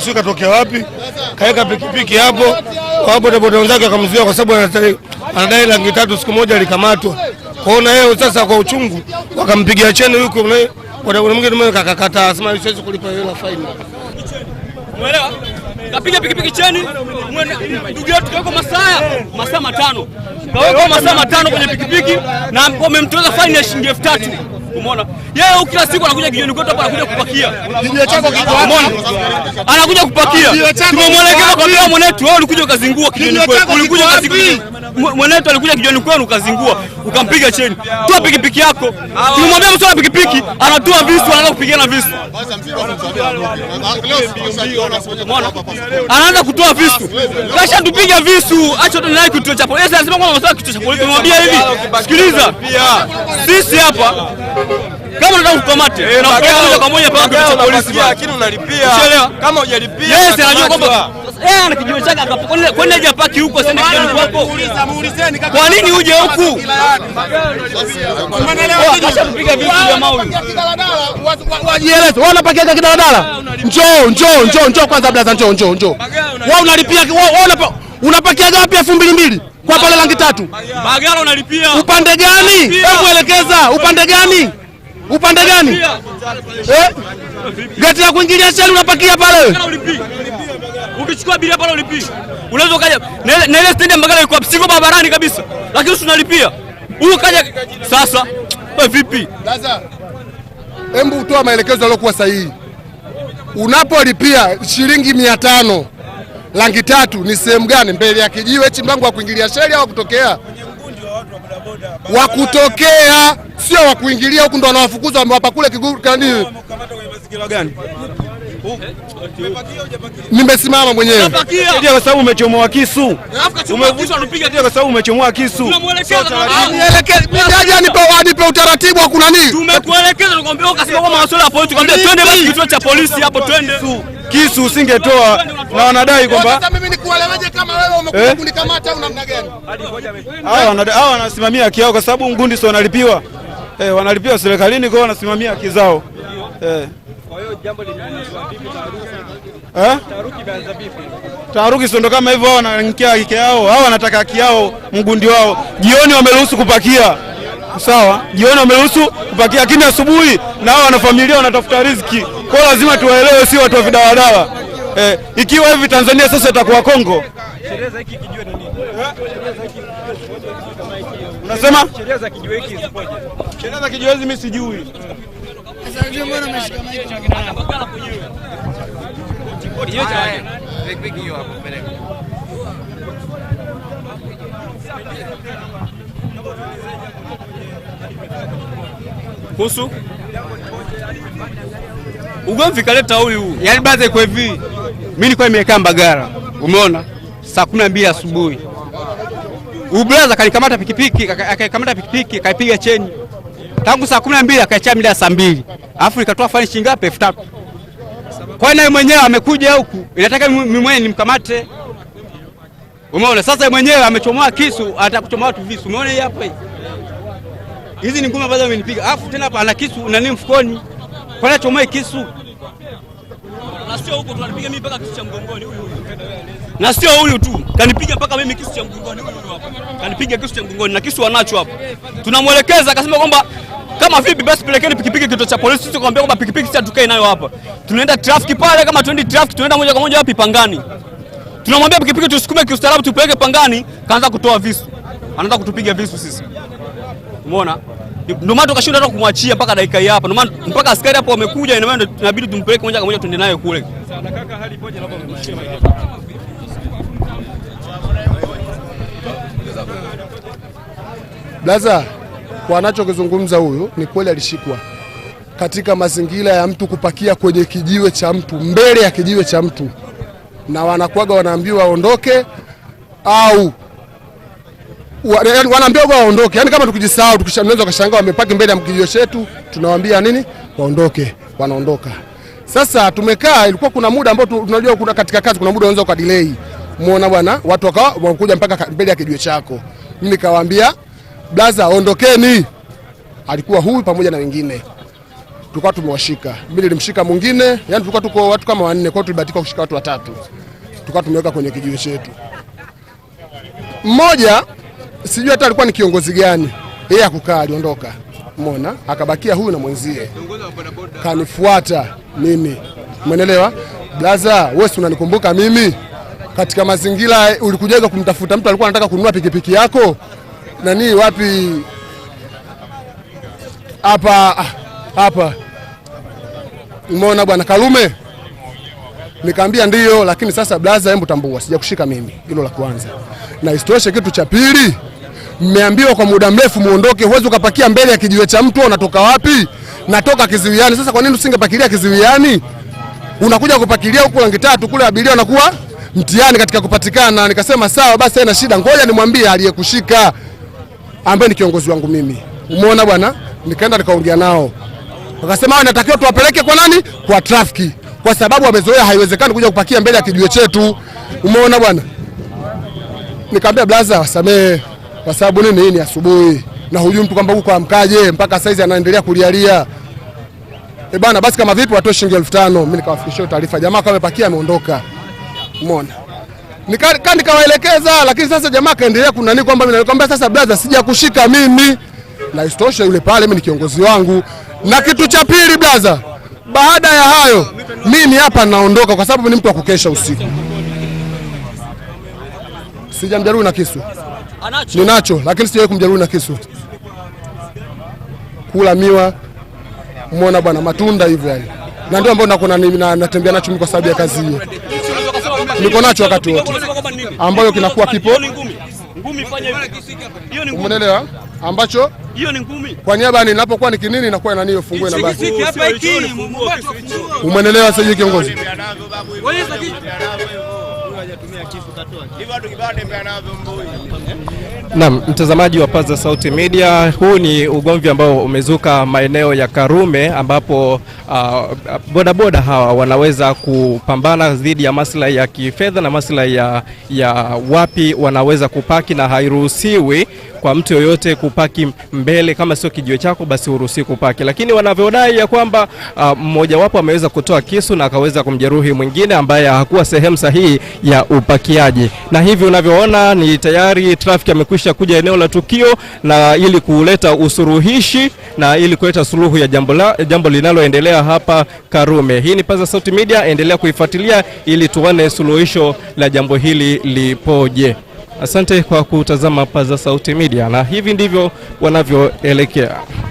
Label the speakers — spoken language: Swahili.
Speaker 1: sio katokea wapi? Kaweka pikipiki hapo, wao bodaboda wenzake akamzuia, kwa sababu anadai laki tatu, siku moja alikamatwa. Kwa yeye sasa kwa uchungu wakampigia cheni huko na bodaboda mwingine kakakata, asema siwezi kulipa hela faini.
Speaker 2: Umeelewa? Kapiga pikipiki cheni, ndugu yetu kaweka masaa masaa matano, kaweka masaa matano kwenye pikipiki na wamemtoza faini ya shilingi elfu tatu. Umeona? Yeye kila siku anakuja kijijini kwetu hapa anakuja kupakia.
Speaker 1: Kijiji chako kiko
Speaker 2: wapi? Anakuja kupakia. Tumemwelekea Nakwambia mwanetu wewe ulikuja ukazingua kijoni kwetu. Ulikuja ukazingua. Mwanetu alikuja kijoni kwenu ukazingua, ukampiga chini. Toa pikipiki yako. Nimwambia mtu ana pikipiki, anatoa visu, anaanza kupigana visu. Anaanza kutoa visu. Kasha tupiga visu. Acha tu tunai kituo cha polisi. Anasema kwamba masuala kituo cha polisi. Nimwambia hivi. Sikiliza. Sisi hapa kama unataka kukamate eh, na kwa moja paka polisi,
Speaker 1: lakini unalipia.
Speaker 2: Kama hujalipia, yes,
Speaker 1: anajua kwamba eh, na kijiwe chake akapokwenda kwenda je paki huko sende kijani kwako.
Speaker 2: Kwa nini uje huku? Oh, acha kupiga vitu jamaa huyu. Wajieleze. Wao wanapakia kidaladala. Njoo, njoo, njoo, njoo kwanza blaza njoo, njoo, njoo. Wao unalipia wao unapakia gapi elfu mbili mbili? Kwa pale rangi tatu.
Speaker 1: Magari unalipia.
Speaker 2: Upande gani? Hebu elekeza, upande gani? Upande gani? Eh? Gati ya kuingilia sheli unapakia pale ukichukua abiria pale ulipia. Unaweza ukaja na ile stendi ambayo ilikuwa siko barabarani kabisa, lakini tunalipia. Huyu kaja sasa, wewe vipi?
Speaker 1: Sasa hebu utoa maelekezo yaliokuwa sahihi. Unapolipia shilingi mia tano rangi tatu ni sehemu gani? Mbele ya kijiwe hichi mlango wa kuingilia sheria au kutokea? Wa kutokea, sio wa kuingilia. Huku ndo wanawafukuza wamewapa kule kigani Nimesimama mwenyewe
Speaker 2: kwa
Speaker 1: sababu umechomoa kisu,
Speaker 2: kwa sababu umechomoa kisu.
Speaker 1: Nipe utaratibu wa kunani.
Speaker 2: Tumekuelekeza tukwambia, kwa masuala ya polisi, tukwambia twende basi kituo cha polisi hapo, twende
Speaker 1: kisu usingetoa na wanadai kwamba hawa wanasimamia haki yao kwa sababu ngundi sio wanalipiwa, eh, wanalipiwa serikalini kwao, wanasimamia haki zao. Eh. Kwa hiyo jambo limeanza vipi eh? Taharuki imeanza vipi? Taharuki sio ndo kama hivyo, hao wanaingia kike yao, hao wanataka haki yao, mgundi wao. Jioni wameruhusu kupakia, sawa, jioni wameruhusu kupakia, lakini asubuhi na hao wana familia wanatafuta riziki, kwa hiyo lazima tuwaelewe, sio watu wa vidawadawa eh. Ikiwa hivi Tanzania sasa itakuwa Kongo unasema sheria za kijiweki mimi sijui sasa ndio Kuhusu
Speaker 2: ugomvi kaleta huyu, yani baze kwa hivi, mimi nilikuwa nimekaa Mbagala, umeona saa kumi na mbili asubuhi, huyu brother kanikamata pikipiki, akaikamata pikipiki, akaipiga cheni tangu saa kumi na mbili akaachia mida ya saa mbili alafu nikatoa faini shilingi ngapi? elfu tatu. Kwa hiyo naye mwenyewe amekuja huku, inataka mimi mwenyewe nimkamate. Umeona sasa, mwenyewe amechomoa kisu, anataka kuchomoa watu visu. Umeona hii hapa, hizi ni ngumi ambazo amenipiga, alafu tena hapa ana kisu na nini mfukoni, kwa nini achomoe kisu? na sio huko, tunapiga mimi mpaka kisu cha mgongoni huyu huyu, na sio huyu tu, kanipiga mpaka mimi kisu cha mgongoni huyu huyu hapa, kanipiga kisu cha mgongoni na kisu anacho hapa. Tunamwelekeza akasema kwamba kama vipi basi pelekeni pikipiki kituo cha polisi. sio kwambia kwamba pikipiki sasa tukae nayo hapa, tunaenda traffic pale, kama tuendi traffic, tunaenda moja kwa moja wapi? Pangani. Tunamwambia pikipiki tusukume kiustaarabu, tupeleke Pangani. Kaanza kutoa visu, anaanza kutupiga visu sisi, umeona. Ndio maana tukashindwa hata kumwachia mpaka dakika hii hapa. Ndio maana mpaka askari hapo wamekuja, ina maana inabidi tumpeleke moja kwa moja tuende naye kule. Sana kaka, hali
Speaker 1: Blaza kwa anachokizungumza huyu ni kweli, alishikwa katika mazingira ya mtu kupakia kwenye kijiwe cha mtu, mbele ya kijiwe cha mtu, na wanakwaga wanaambiwa aondoke au wanaambia huko waondoke. Yani kama tukijisahau tukishanaweza kashangaa wamepaki mbele ya mkilio chetu, tunawaambia nini? Waondoke, wanaondoka. Sasa tumekaa, ilikuwa kuna muda ambao tunajua kuna katika kazi, kuna muda unaweza kwa delay. muona bwana, watu wakawa wanakuja mpaka mbele ya kijio chako. Mimi nikawaambia blaza, ondokeni. Alikuwa huyu pamoja na wengine tulikuwa tumewashika. Mimi nilimshika mwingine, yani tulikuwa tuko watu kama wanne, kwa hiyo tulibahatika kushika watu watatu, Tukawa tumeweka kwenye kijio chetu mmoja sijui hata alikuwa ni kiongozi gani, yeye akukaa, aliondoka mona, akabakia huyu na mwenzie kanifuata mimi, umeelewa blaza? Wewe si unanikumbuka mimi katika mazingira ulikujaga kumtafuta mtu alikuwa anataka kununua pikipiki yako nani, wapi hapa ah, hapa, umeona bwana Karume? Nikaambia ndiyo, lakini sasa blaza, hebu tambua, sijakushika mimi, hilo la kwanza. Na isitoshe kitu cha pili mmeambiwa kwa muda mrefu muondoke, huwezi ukapakia mbele ya kijiwe cha mtu. Unatoka wapi? Natoka kiziwiani. Sasa kwa nini usingepakilia kiziwiani? Unakuja kupakilia huku rangi tatu, kule abiria wanakuwa mtihani katika kupatikana. Nikasema sawa basi, haina shida, ngoja nimwambie aliyekushika, ambaye ni kiongozi wangu mimi. Umeona bwana, nikaenda nikaongea nao, wakasema natakiwa tuwapeleke kwa nani? Kwa trafiki, kwa sababu wamezoea, haiwezekani kuja kupakia mbele ya kijiwe chetu. Umeona bwana, nikamwambia blaza, wasamee kwa sababu nini? Hii ni asubuhi na hujui mtu kwamba huko amkaje mpaka saizi anaendelea kulialia. E eh, bana, basi kama vipi watoe shilingi elfu tano mimi nikawafikishia taarifa, jamaa kama amepakia ameondoka. Umeona, nika nikawaelekeza, lakini sasa jamaa kaendelea kunani kwamba mimi nakwambia sasa, brother, sija kushika mimi na istosha, yule pale mimi ni kiongozi wangu. Na kitu cha pili brother, baada ya hayo mimi hapa naondoka, kwa sababu ni mtu wa kukesha usiku, sijamjeruhi na kisu. Anacho. Ninacho, lakini sijawahi kumjeruhi na kisu. Kula miwa, umeona bwana, matunda hivyo yani, na ndio ambao nako na natembea nacho mimi kwa sababu ya kazi hiyo. Niko nacho wakati wote, ambayo kinakuwa kipo umeelewa, ambacho
Speaker 2: hiyo ni ngumi
Speaker 1: kwa niaba ni ninapokuwa nikinini inakuwa nani ifungue na basi, umeelewa sasa hiyo kiongozi
Speaker 3: hivyo navyo Naam, mtazamaji wa Paza Sauti Media, huu ni ugomvi ambao umezuka maeneo ya Karume ambapo ah, bodaboda uh, boda hawa wanaweza kupambana dhidi ya maslahi ya kifedha na maslahi ya, ya wapi wanaweza kupaki na hairuhusiwi kwa mtu yoyote kupaki mbele, kama sio kijiwe chako basi uruhusi kupaki, lakini wanavyodai ya kwamba ah, mmojawapo ameweza kutoa kisu na akaweza kumjeruhi mwingine ambaye hakuwa sehemu sahihi ya upakiaji, na hivi unavyoona ni tayari trafiki amekwisha kuja eneo la tukio, na ili kuleta usuruhishi na ili kuleta suluhu ya jambo, la, jambo linaloendelea hapa Karume. Hii ni Paza Sauti Media, endelea kuifuatilia ili tuone suluhisho la jambo hili lipoje. Asante kwa kutazama Paza Sauti Media, na hivi ndivyo wanavyoelekea.